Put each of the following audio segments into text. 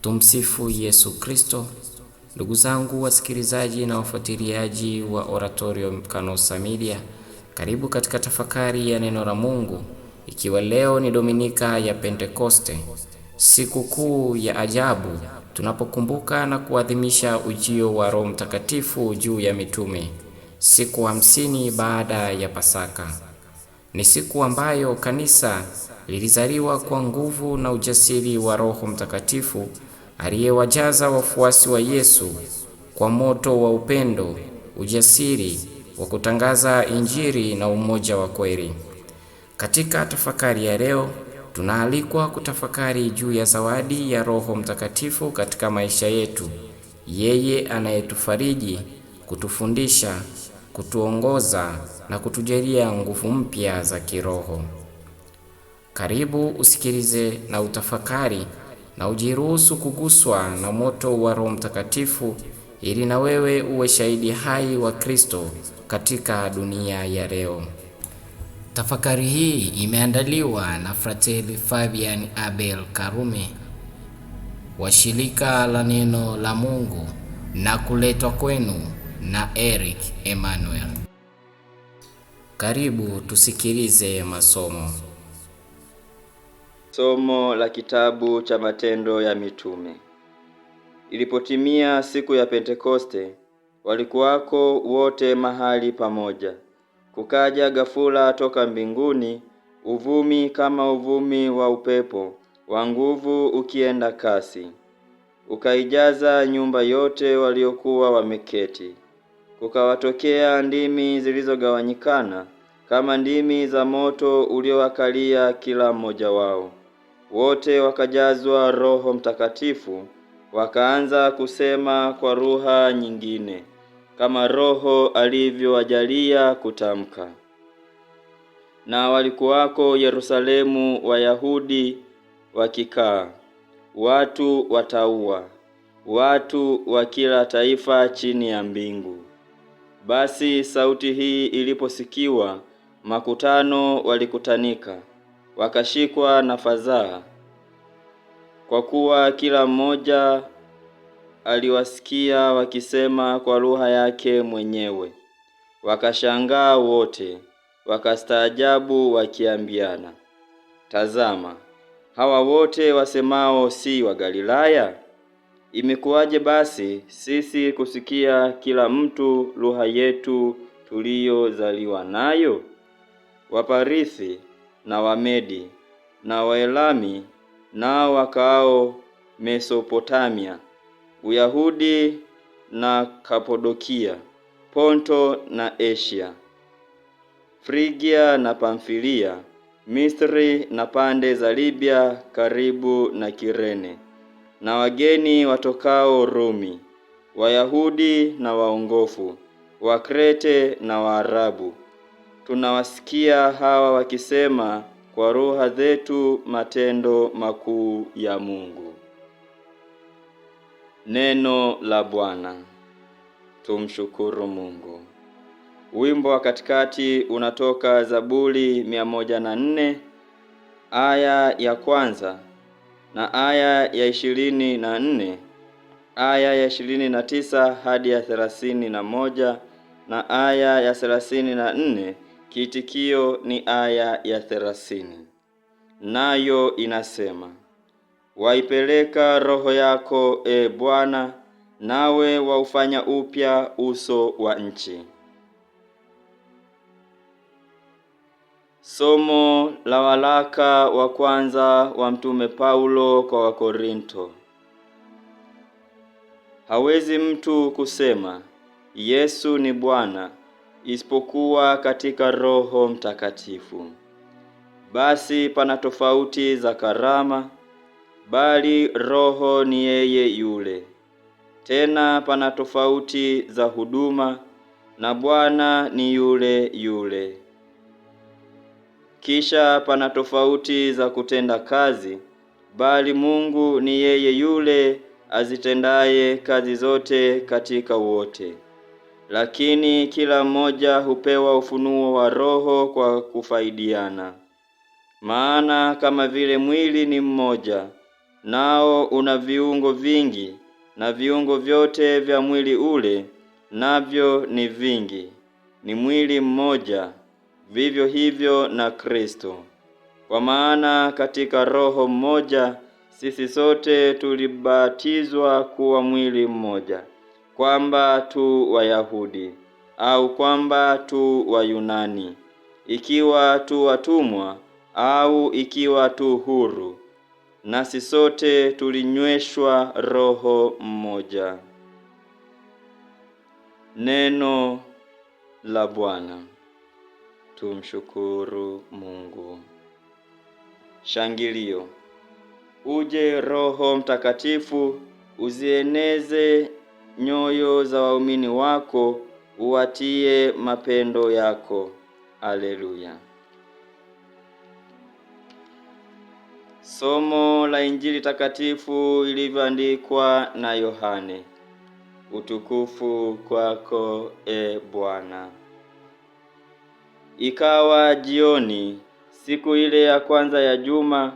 Tumsifu Yesu Kristo. Ndugu zangu wasikilizaji na wafuatiliaji wa Oratorio kanosa Media, karibu katika tafakari ya neno la Mungu, ikiwa leo ni Dominika ya Pentekoste, siku kuu ya ajabu tunapokumbuka na kuadhimisha ujio wa Roho Mtakatifu juu ya mitume, siku hamsini baada ya Pasaka. Ni siku ambayo kanisa lilizaliwa kwa nguvu na ujasiri wa Roho Mtakatifu aliyewajaza wafuasi wa Yesu kwa moto wa upendo, ujasiri wa kutangaza Injili na umoja wa kweli. Katika tafakari ya leo tunaalikwa kutafakari juu ya zawadi ya Roho Mtakatifu katika maisha yetu, yeye anayetufariji, kutufundisha, kutuongoza na kutujalia nguvu mpya za kiroho. Karibu usikilize na utafakari na ujiruhusu kuguswa na moto wa Roho Mtakatifu ili na wewe uwe shahidi hai wa Kristo katika dunia ya leo. Tafakari hii imeandaliwa na Fratelli Fabian Abel Karume wa shirika la neno la Mungu na kuletwa kwenu na Eric Emmanuel. Karibu tusikilize masomo. Somo la kitabu cha Matendo ya Mitume. Ilipotimia siku ya Pentekoste, walikuwako wote mahali pamoja. Kukaja ghafula toka mbinguni uvumi kama uvumi wa upepo wa nguvu ukienda kasi, ukaijaza nyumba yote waliokuwa wameketi. Kukawatokea ndimi zilizogawanyikana kama ndimi za moto uliowakalia kila mmoja wao wote wakajazwa Roho Mtakatifu, wakaanza kusema kwa lugha nyingine kama Roho alivyowajalia kutamka. Na walikuwako Yerusalemu Wayahudi wakikaa, watu wataua, watu wa kila taifa chini ya mbingu. Basi sauti hii iliposikiwa, makutano walikutanika wakashikwa na fadhaa, kwa kuwa kila mmoja aliwasikia wakisema kwa lugha yake mwenyewe. Wakashangaa wote, wakastaajabu wakiambiana, tazama, hawa wote wasemao si wa Galilaya? Imekuwaje basi sisi kusikia kila mtu lugha yetu tuliyozaliwa nayo? Waparithi na Wamedi na Waelami nao wakaao Mesopotamia, Uyahudi na Kapadokia, Ponto na Asia, Frigia na Pamfilia, Misri na pande za Libya karibu na Kirene, na wageni watokao Rumi, Wayahudi na waongofu, Wakrete na Waarabu tunawasikia hawa wakisema kwa roho zetu matendo makuu ya Mungu. Neno la Bwana. Tumshukuru Mungu. Wimbo wa katikati unatoka Zaburi mia moja na nne aya ya kwanza na aya ya ishirini na nne aya ya ishirini na tisa hadi ya thelathini na moja na aya ya thelathini na nne Kiitikio ni aya ya thelathini, nayo inasema waipeleka roho yako e Bwana, nawe waufanya upya uso wa nchi. Somo la walaka wa kwanza wa Mtume Paulo kwa Wakorinto. Hawezi mtu kusema Yesu ni Bwana isipokuwa katika Roho Mtakatifu. Basi pana tofauti za karama, bali Roho ni yeye yule. Tena pana tofauti za huduma, na Bwana ni yule yule. Kisha pana tofauti za kutenda kazi, bali Mungu ni yeye yule azitendaye kazi zote katika wote lakini kila mmoja hupewa ufunuo wa Roho kwa kufaidiana. Maana kama vile mwili ni mmoja, nao una viungo vingi, na viungo vyote vya mwili ule navyo ni vingi, ni mwili mmoja, vivyo hivyo na Kristo. Kwa maana katika Roho mmoja sisi sote tulibatizwa kuwa mwili mmoja kwamba tu Wayahudi au kwamba tu Wayunani, ikiwa tu watumwa au ikiwa tu huru, nasi sote tulinyweshwa roho mmoja. Neno la Bwana. Tumshukuru Mungu. Shangilio. Uje Roho Mtakatifu, uzieneze nyoyo za waumini wako, uwatie mapendo yako. Aleluya. Somo la Injili takatifu ilivyoandikwa na Yohane. Utukufu kwako e Bwana. Ikawa jioni siku ile ya kwanza ya juma,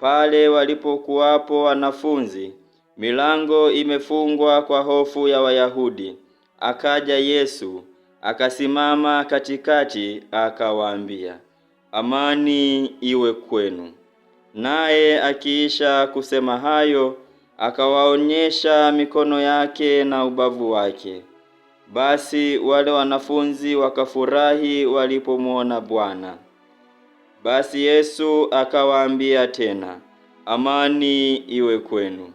pale walipokuwapo wanafunzi milango imefungwa kwa hofu ya Wayahudi. Akaja Yesu akasimama katikati, akawaambia, amani iwe kwenu. Naye akiisha kusema hayo, akawaonyesha mikono yake na ubavu wake. Basi wale wanafunzi wakafurahi walipomwona Bwana. Basi Yesu akawaambia tena, amani iwe kwenu.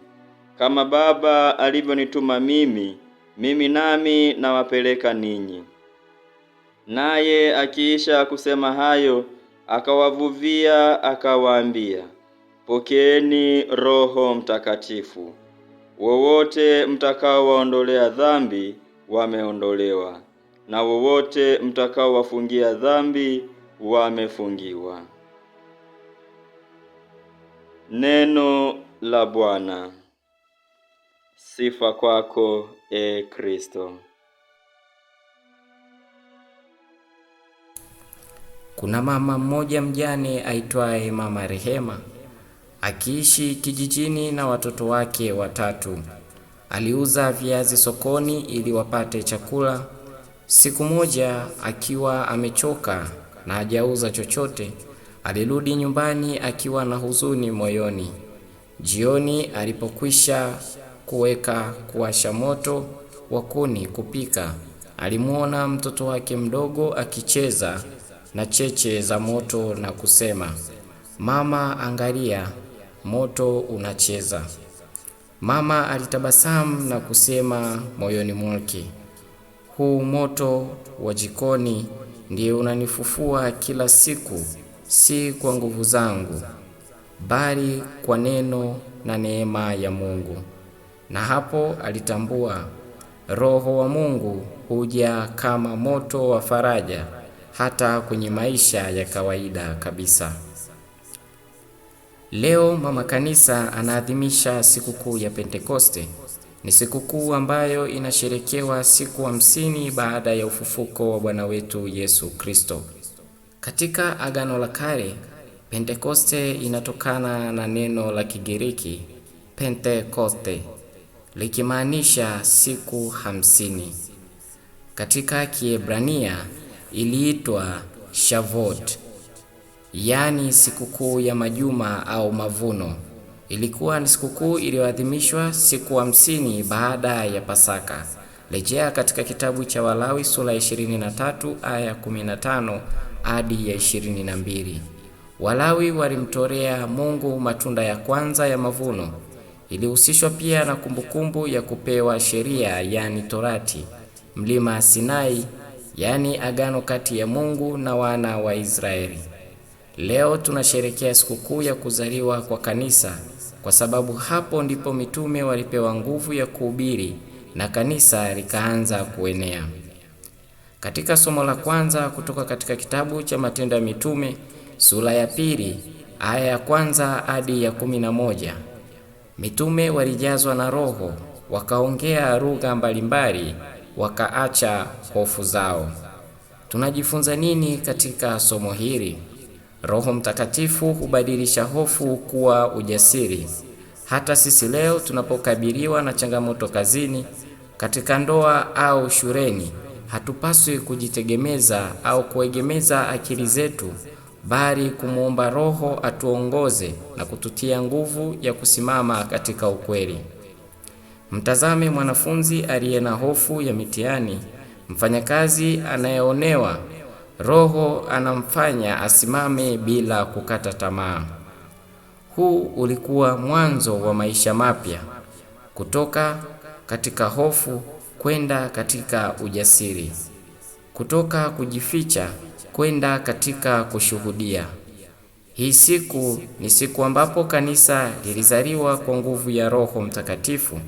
Kama Baba alivyonituma mimi, mimi nami nawapeleka ninyi. Naye akiisha kusema hayo, akawavuvia akawaambia, pokeeni Roho Mtakatifu. Wowote mtakaowaondolea dhambi wameondolewa, na wowote mtakaowafungia dhambi wamefungiwa. Neno la Bwana. Sifa kwako e Kristo. Kuna mama mmoja mjane aitwaye Mama Rehema akiishi kijijini na watoto wake watatu. Aliuza viazi sokoni ili wapate chakula. Siku moja akiwa amechoka na hajauza chochote, alirudi nyumbani akiwa na huzuni moyoni. Jioni alipokwisha kuweka kuwasha moto, wa kuni kupika. Alimwona mtoto wake mdogo akicheza na cheche za moto na kusema, mama, angalia moto unacheza. Mama alitabasamu na kusema moyoni mwake, huu moto wa jikoni ndiye unanifufua kila siku, si kwa nguvu zangu, bali kwa neno na neema ya Mungu na hapo alitambua Roho wa Mungu huja kama moto wa faraja hata kwenye maisha ya kawaida kabisa. Leo mama kanisa anaadhimisha sikukuu ya Pentekoste. Ni sikukuu ambayo inasherekewa siku hamsini baada ya ufufuko wa Bwana wetu Yesu Kristo. Katika Agano la Kale, Pentekoste inatokana na neno la Kigiriki pentekoste likimaanisha siku hamsini. Katika Kiebrania iliitwa Shavuot, yaani sikukuu ya majuma au mavuno. Ilikuwa ni sikukuu iliyoadhimishwa siku hamsini baada ya Pasaka. Rejea katika kitabu cha Walawi sura ya 23 aya 15 hadi ya 22. Walawi walimtorea Mungu matunda ya kwanza ya mavuno Ilihusishwa pia na kumbukumbu ya kupewa sheria, yani Torati, mlima Sinai, yani agano kati ya Mungu na wana wa Israeli. Leo tunasherekea sikukuu ya kuzaliwa kwa kanisa kwa sababu hapo ndipo mitume walipewa nguvu ya kuhubiri na kanisa likaanza kuenea. Katika somo la kwanza kutoka katika kitabu cha Matendo ya Mitume sura ya pili aya ya kwanza hadi ya kumi na moja Mitume walijazwa na Roho, wakaongea lugha mbalimbali, wakaacha hofu zao. Tunajifunza nini katika somo hili? Roho Mtakatifu hubadilisha hofu kuwa ujasiri. Hata sisi leo tunapokabiliwa na changamoto kazini, katika ndoa au shuleni, hatupaswi kujitegemeza au kuegemeza akili zetu bali kumwomba Roho atuongoze na kututia nguvu ya kusimama katika ukweli. Mtazame mwanafunzi aliye na hofu ya mitihani, mfanyakazi anayeonewa. Roho anamfanya asimame bila kukata tamaa. Huu ulikuwa mwanzo wa maisha mapya, kutoka katika hofu kwenda katika ujasiri, kutoka kujificha kwenda katika kushuhudia. Hii siku ni siku ambapo kanisa lilizaliwa kwa nguvu ya Roho Mtakatifu,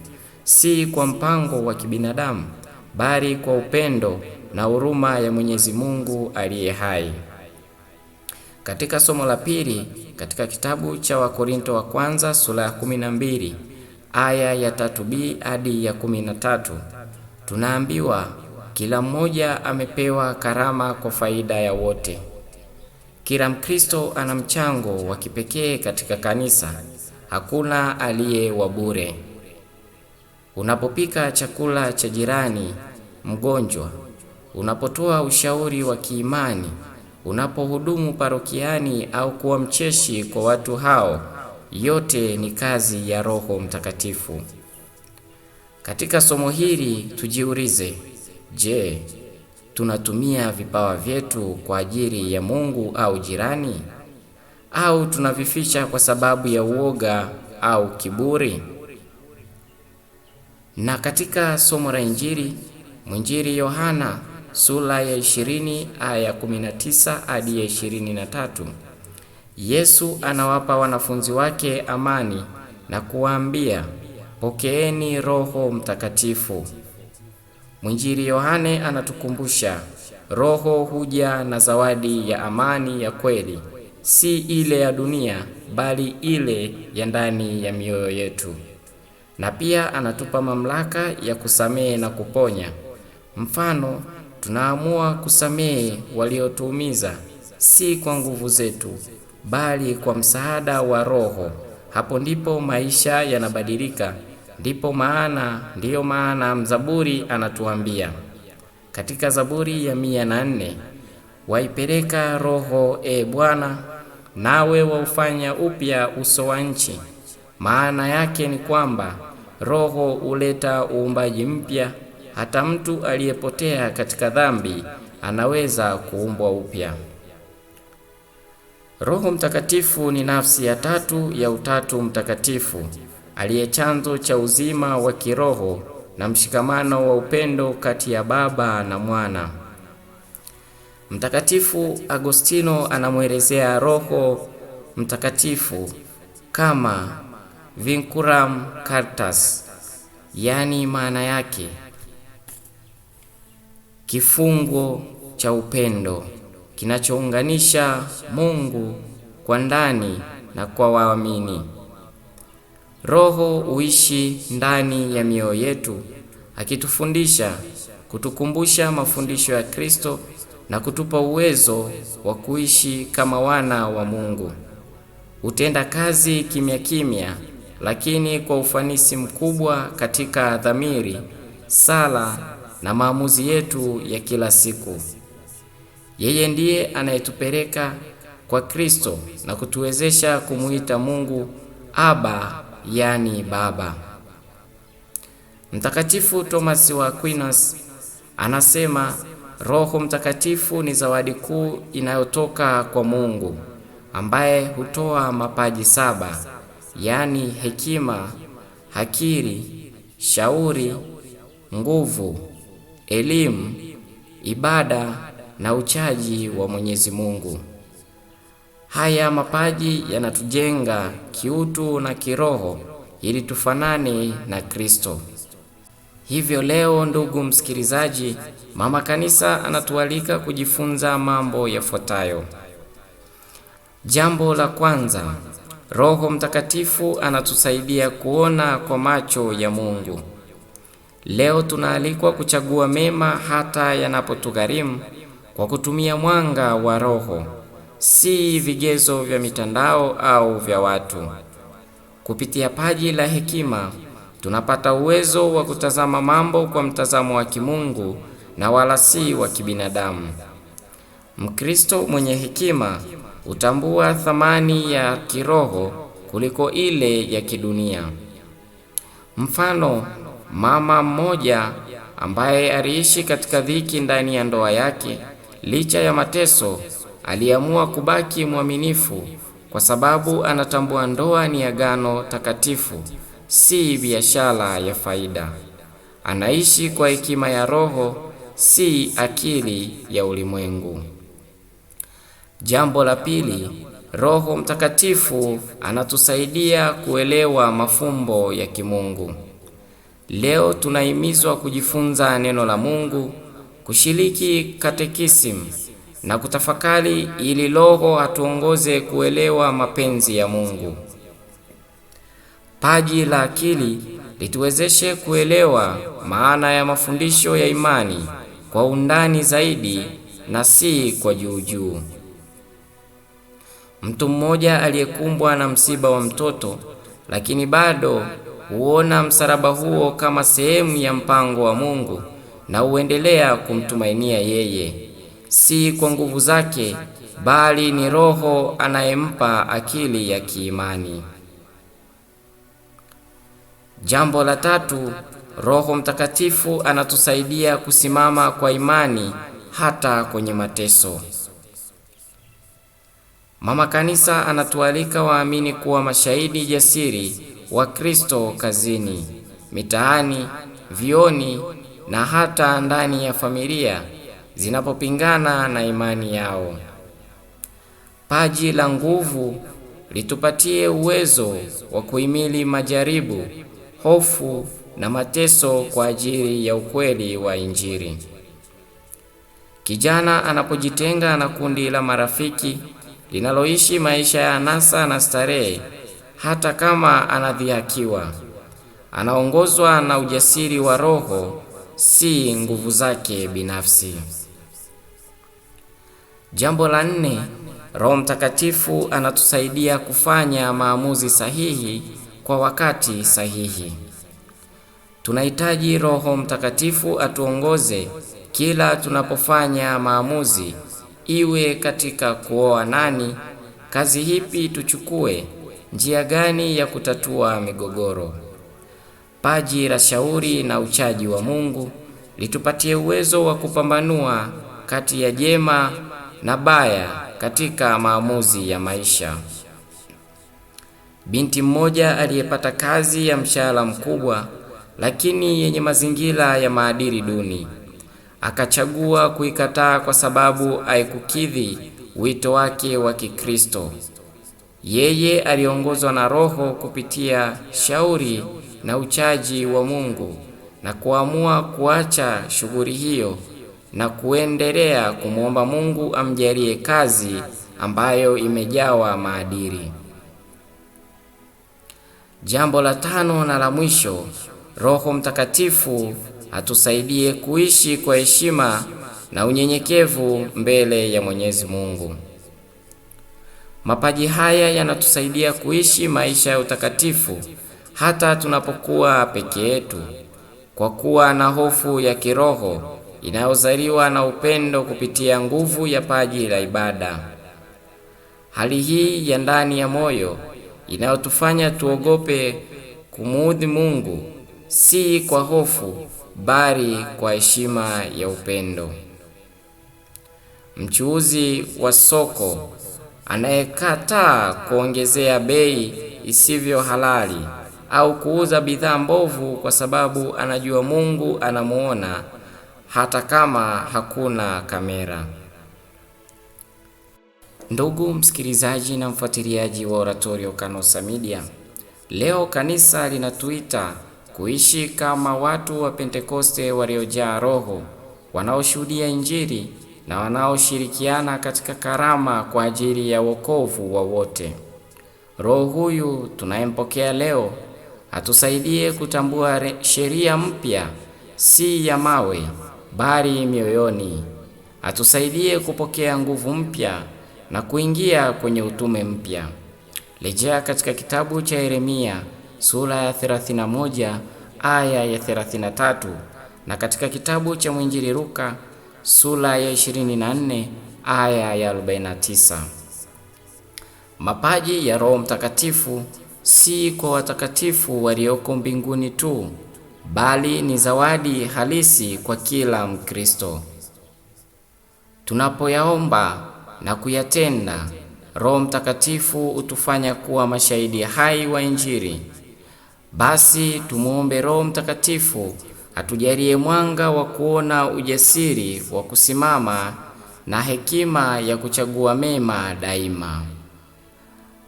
si kwa mpango wa kibinadamu, bali kwa upendo na huruma ya Mwenyezi Mungu aliye hai. Katika somo la pili katika kitabu cha Wakorinto wa kwanza sura ya 12 aya ya 3b hadi ya 13 tunaambiwa kila mmoja amepewa karama kwa faida ya wote. Kila Mkristo ana mchango wa kipekee katika kanisa. Hakuna aliye wa bure. Unapopika chakula cha jirani mgonjwa, unapotoa ushauri wa kiimani, unapohudumu parokiani au kuwa mcheshi kwa watu hao, yote ni kazi ya Roho Mtakatifu. Katika somo hili tujiulize Je, tunatumia vipawa vyetu kwa ajili ya Mungu au jirani, au tunavificha kwa sababu ya uoga au kiburi? Na katika somo la Injili, mwinjili Yohana sura ya 20 aya 19 hadi ya 23, Yesu anawapa wanafunzi wake amani na kuwaambia, pokeeni Roho Mtakatifu. Mwinjili Yohane anatukumbusha Roho huja na zawadi ya amani ya kweli, si ile ya dunia, bali ile ya ndani ya mioyo yetu. Na pia anatupa mamlaka ya kusamehe na kuponya. Mfano, tunaamua kusamehe waliotuumiza, si kwa nguvu zetu, bali kwa msaada wa Roho. Hapo ndipo maisha yanabadilika. Ndipo maana ndiyo maana mzaburi anatuambia katika Zaburi ya mia na nne waipeleka roho e Bwana, nawe waufanya upya uso wa nchi. Maana yake ni kwamba roho huleta uumbaji mpya, hata mtu aliyepotea katika dhambi anaweza kuumbwa upya. Roho Mtakatifu ni nafsi ya tatu ya Utatu Mtakatifu aliye chanzo cha uzima wa kiroho na mshikamano wa upendo kati ya Baba na Mwana. Mtakatifu Agostino anamwelezea Roho Mtakatifu kama vincuram cartas, yaani maana yake kifungo cha upendo kinachounganisha Mungu kwa ndani na kwa waamini. Roho uishi ndani ya mioyo yetu akitufundisha, kutukumbusha mafundisho ya Kristo na kutupa uwezo wa kuishi kama wana wa Mungu. Hutenda kazi kimya kimya, lakini kwa ufanisi mkubwa katika dhamiri, sala na maamuzi yetu ya kila siku. Yeye ndiye anayetupeleka kwa Kristo na kutuwezesha kumuita Mungu Aba yani Baba. Mtakatifu Thomas wa Aquinas anasema Roho Mtakatifu ni zawadi kuu inayotoka kwa Mungu ambaye hutoa mapaji saba, yaani hekima, hakiri, shauri, nguvu, elimu, ibada na uchaji wa Mwenyezi Mungu. Haya mapaji yanatujenga kiutu na kiroho ili tufanane na Kristo. Hivyo leo, ndugu msikilizaji, mama kanisa anatualika kujifunza mambo yafuatayo. Jambo la kwanza, Roho Mtakatifu anatusaidia kuona kwa macho ya Mungu. Leo tunaalikwa kuchagua mema hata yanapotugharimu kwa kutumia mwanga wa Roho si vigezo vya mitandao au vya watu. Kupitia paji la hekima tunapata uwezo wa kutazama mambo kwa mtazamo wa kimungu na wala si wa kibinadamu. Mkristo mwenye hekima hutambua thamani ya kiroho kuliko ile ya kidunia. Mfano, mama mmoja ambaye aliishi katika dhiki ndani ya ndoa yake licha ya mateso aliamua kubaki mwaminifu kwa sababu anatambua ndoa ni agano takatifu, si biashara ya faida. Anaishi kwa hekima ya Roho, si akili ya ulimwengu. Jambo la pili, Roho Mtakatifu anatusaidia kuelewa mafumbo ya kimungu. Leo tunahimizwa kujifunza neno la Mungu, kushiriki katekisimu na kutafakari, ili Roho atuongoze kuelewa mapenzi ya Mungu. Paji la akili lituwezeshe kuelewa maana ya mafundisho ya imani kwa undani zaidi na si kwa juujuu. Mtu mmoja aliyekumbwa na msiba wa mtoto, lakini bado huona msalaba huo kama sehemu ya mpango wa Mungu na huendelea kumtumainia yeye si kwa nguvu zake, bali ni Roho anayempa akili ya kiimani. Jambo la tatu, Roho Mtakatifu anatusaidia kusimama kwa imani hata kwenye mateso. Mama Kanisa anatualika waamini kuwa mashahidi jasiri wa Kristo kazini, mitaani, vioni na hata ndani ya familia zinapopingana na imani yao. Paji la nguvu litupatie uwezo wa kuhimili majaribu, hofu na mateso kwa ajili ya ukweli wa Injili. Kijana anapojitenga na kundi la marafiki linaloishi maisha ya anasa na starehe, hata kama anadhihakiwa, anaongozwa na ujasiri wa roho, si nguvu zake binafsi. Jambo la nne, Roho Mtakatifu anatusaidia kufanya maamuzi sahihi kwa wakati sahihi. Tunahitaji Roho Mtakatifu atuongoze kila tunapofanya maamuzi, iwe katika kuoa nani, kazi hipi tuchukue, njia gani ya kutatua migogoro. Paji la shauri na uchaji wa Mungu litupatie uwezo wa kupambanua kati ya jema na baya katika maamuzi ya maisha. Binti mmoja aliyepata kazi ya mshahara mkubwa lakini yenye mazingira ya maadili duni akachagua kuikataa kwa sababu haikukidhi wito wake wa Kikristo. Yeye aliongozwa na Roho kupitia shauri na uchaji wa Mungu na kuamua kuacha shughuli hiyo na kuendelea kumwomba Mungu amjalie kazi ambayo imejawa maadili. Jambo la tano na la mwisho, Roho Mtakatifu atusaidie kuishi kwa heshima na unyenyekevu mbele ya Mwenyezi Mungu. Mapaji haya yanatusaidia kuishi maisha ya utakatifu hata tunapokuwa peke yetu, kwa kuwa na hofu ya kiroho inayozaliwa na upendo kupitia nguvu ya paji la ibada. Hali hii ya ndani ya moyo inayotufanya tuogope kumuudhi Mungu, si kwa hofu, bali kwa heshima ya upendo. Mchuuzi wa soko anayekataa kuongezea bei isivyo halali au kuuza bidhaa mbovu kwa sababu anajua Mungu anamuona hata kama hakuna kamera. Ndugu msikilizaji na mfuatiliaji wa Oratorio Kanosa Media, leo kanisa linatuita kuishi kama watu wa Pentekoste waliojaa Roho, wanaoshuhudia Injili na wanaoshirikiana katika karama kwa ajili ya wokovu wa wote. Roho huyu tunayempokea leo atusaidie kutambua sheria mpya, si ya mawe bali mioyoni. Atusaidie kupokea nguvu mpya na kuingia kwenye utume mpya. Rejea katika kitabu cha Yeremia sura ya 31 aya ya 33 na katika kitabu cha mwinjili Luka sura ya 24 aya ya 49. Mapaji ya Roho Mtakatifu si kwa watakatifu walioko mbinguni tu bali ni zawadi halisi kwa kila Mkristo. Tunapoyaomba na kuyatenda, Roho Mtakatifu hutufanya kuwa mashahidi hai wa Injili. Basi tumwombe Roho Mtakatifu atujalie mwanga wa kuona ujasiri wa kusimama na hekima ya kuchagua mema daima.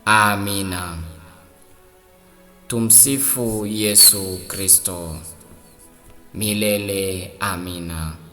Amina. Tumsifu Yesu Kristo. Milele amina.